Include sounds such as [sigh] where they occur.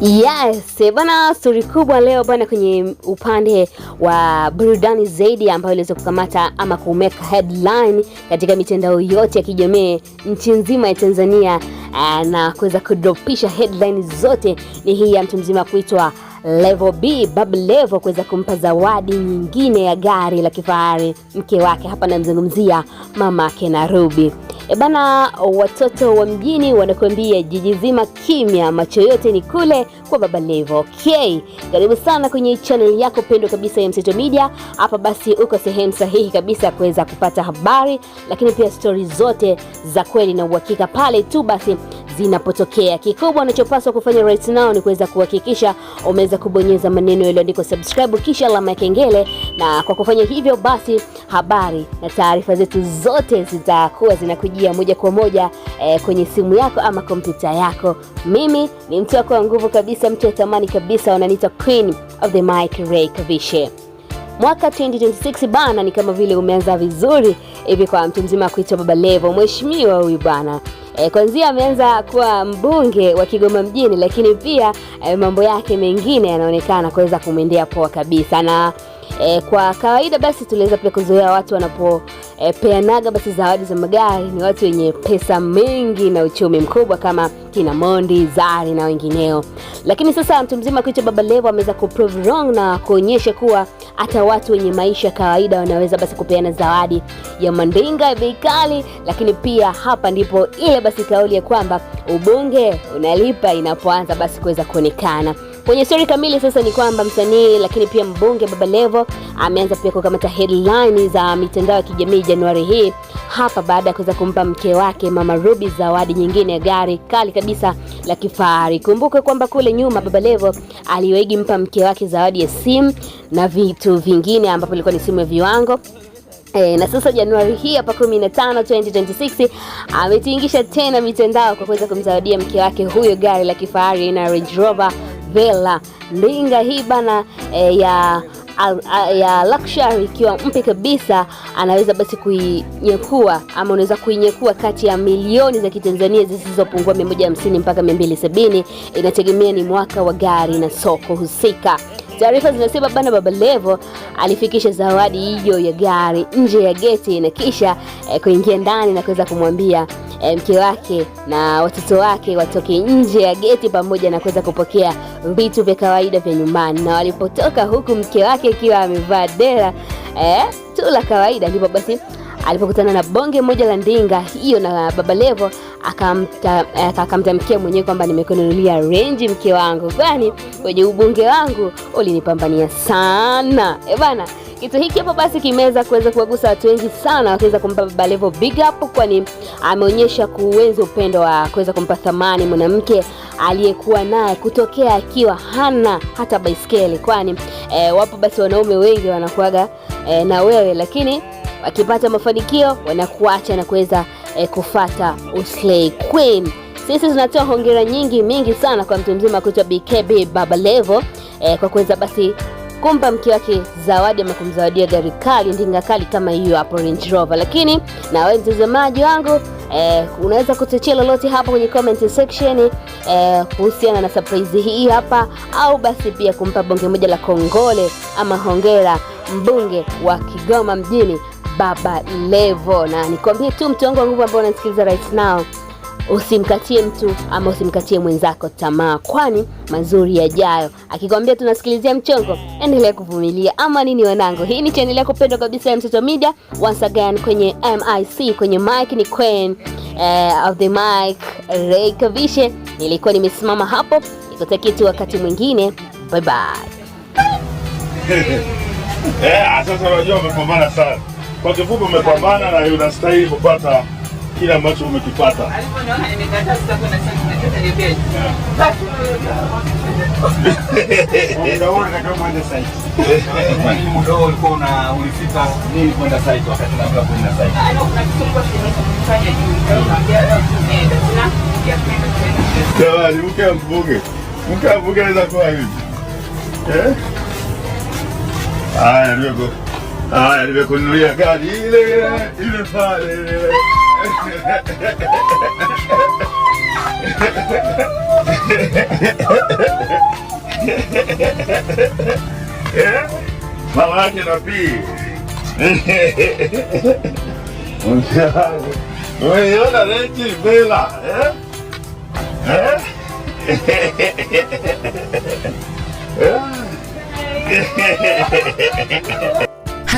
Yes, bana, stori kubwa leo bana, kwenye upande wa burudani zaidi ambayo iliweza kukamata ama kumeka headline katika mitandao yote ya kijamii nchi nzima ya Tanzania eh, na kuweza kudropisha headline zote, ni hii ya mtu mzima kuitwa Level B Levo kuweza kumpa zawadi nyingine ya gari la kifahari mke wake, hapa namzungumzia mamake na Ruby. Ebana, watoto wa mjini wanakuambia jiji zima kimya, macho yote ni kule kwa Levo. Okay, karibu sana kwenye channel yako pendwa kabisa ya Mseto Media. Hapa basi uko sehemu sahihi kabisa ya kuweza kupata habari, lakini pia stori zote za kweli na uhakika pale tu basi zinapotokea. Kikubwa unachopaswa kufanya right now ni kuweza kuhakikisha umeweza kubonyeza maneno yaliyoandikwa subscribe, kisha alama ya kengele, na kwa kufanya hivyo basi habari na taarifa zetu zote zitakuwa zinakujia moja kwa moja eh, kwenye simu yako ama kompyuta yako. Mimi ni mtu wako wa nguvu kabisa, mtu wa thamani kabisa, wananiita Queen of the Mic Ray Kavishe. Mwaka 2026 bana, ni kama vile umeanza vizuri hivi kwa mtu mzima kuitwa Baba Levo. Mheshimiwa huyu bana E, kwanzia ameanza kuwa mbunge wa Kigoma mjini, lakini pia e, mambo yake mengine yanaonekana kuweza kumwendea poa kabisa na E, kwa kawaida basi tuliweza pia kuzoea watu wanapopeanaga eh, e, basi zawadi za magari ni watu wenye pesa mengi na uchumi mkubwa kama kina Mondi, Zari na wengineo. Lakini sasa mtu mzima kuitwa Baba Levo ameweza wrong na kuonyesha kuwa hata watu wenye maisha ya kawaida wanaweza basi kupeana zawadi ya mandinga ya bei Lakini pia hapa ndipo ile basi kauli ya kwamba ubunge unalipa inapoanza basi kuweza kuonekana. Kwenye stori kamili sasa ni kwamba msanii lakini pia mbunge Baba Levo ameanza pia kukamata headline za mitandao ya kijamii Januari hii hapa baada ya kuweza kumpa mke wake Mama Ruby zawadi nyingine ya gari kali kabisa la kifahari. kumbuke kwamba kule nyuma Baba Levo aliwahi mpa mke wake zawadi ya simu na vitu vingine ambapo ilikuwa ni simu ya viwango. E, na sasa Januari hii hapa 15 2026 ametingisha tena mitandao kwa kuweza kumzawadia mke wake huyo gari la kifahari na Range Rover Vela Linga hii bana e, ya ya luxury ikiwa mpya kabisa, anaweza basi kuinyekua ama unaweza kuinyekua kati ya milioni za Kitanzania zisizopungua 150 mpaka 270, inategemea ni mwaka wa gari na soko husika. Taarifa zinasema bana, Baba Levo alifikisha zawadi hiyo ya gari nje ya geti na kisha eh, kuingia ndani na kuweza kumwambia e, mke wake na watoto wake watoke nje ya geti pamoja na kuweza kupokea vitu vya kawaida vya nyumbani, na walipotoka huku mke wake akiwa amevaa dera e, tu la kawaida, ndipo basi alipokutana na bonge moja la ndinga hiyo na Baba Levo eh, akamtamkia mwenyewe kwamba nimekununulia renji mke wangu, kwani kwenye ubunge wangu ulinipambania sana ebana. Kitu hiki hapo basi kimeweza kuweza kuwagusa watu wengi sana, wakiweza kumpa Baba Levo big up, kwani ameonyesha kuenzi upendo wa kuweza kumpa thamani mwanamke aliyekuwa naye kutokea akiwa hana hata baiskeli, kwani e, wapo basi wanaume wengi wanakuaga e, eh, na wewe lakini wakipata mafanikio wanakuacha na kuweza e, kufata Uslay Queen. Sisi tunatoa hongera nyingi mingi sana kwa mtu mzima kuitwa BKB Baba Levo e, kwa kuweza basi kumpa mke wake zawadi ama kumzawadia gari kali, ndinga kali kama hiyo hapo Range Rover. Lakini na wewe mtazamaji wangu eh, unaweza kutuchia lolote hapo kwenye comment section eh, kuhusiana eh, na surprise hii hapa, au basi pia kumpa bonge moja la kongole ama hongera mbunge wa Kigoma mjini Baba Levo, na nikwambie tu wangu wa nguvu ambao unasikiliza right now usimkatie mtu ama usimkatie mwenzako tamaa, kwani mazuri yajayo. Akikwambia tunasikilizia mchongo, endelea kuvumilia ama nini, wanangu. Hii ni chaneli yako pendwa kabisa ya Mseto Media, once again kwenye mic, kwenye mic ni queen uh, of the mic Ray Kavishe. Nilikuwa nimesimama hapo, nikutakia tu wakati mwingine, bye bye. [laughs] Eh, sasa unajua umepambana sana. Kwa kifupi umepambana na unastahili kupata kile ambacho umekipata. Jamani, mke wa mbunge, mke wa mbunge anaweza kuwa hivi. Eh? Haya, nimekunulia gari ile ile pale. É? Falar de Nopi. Manhã da gente vê lá, é? É? É?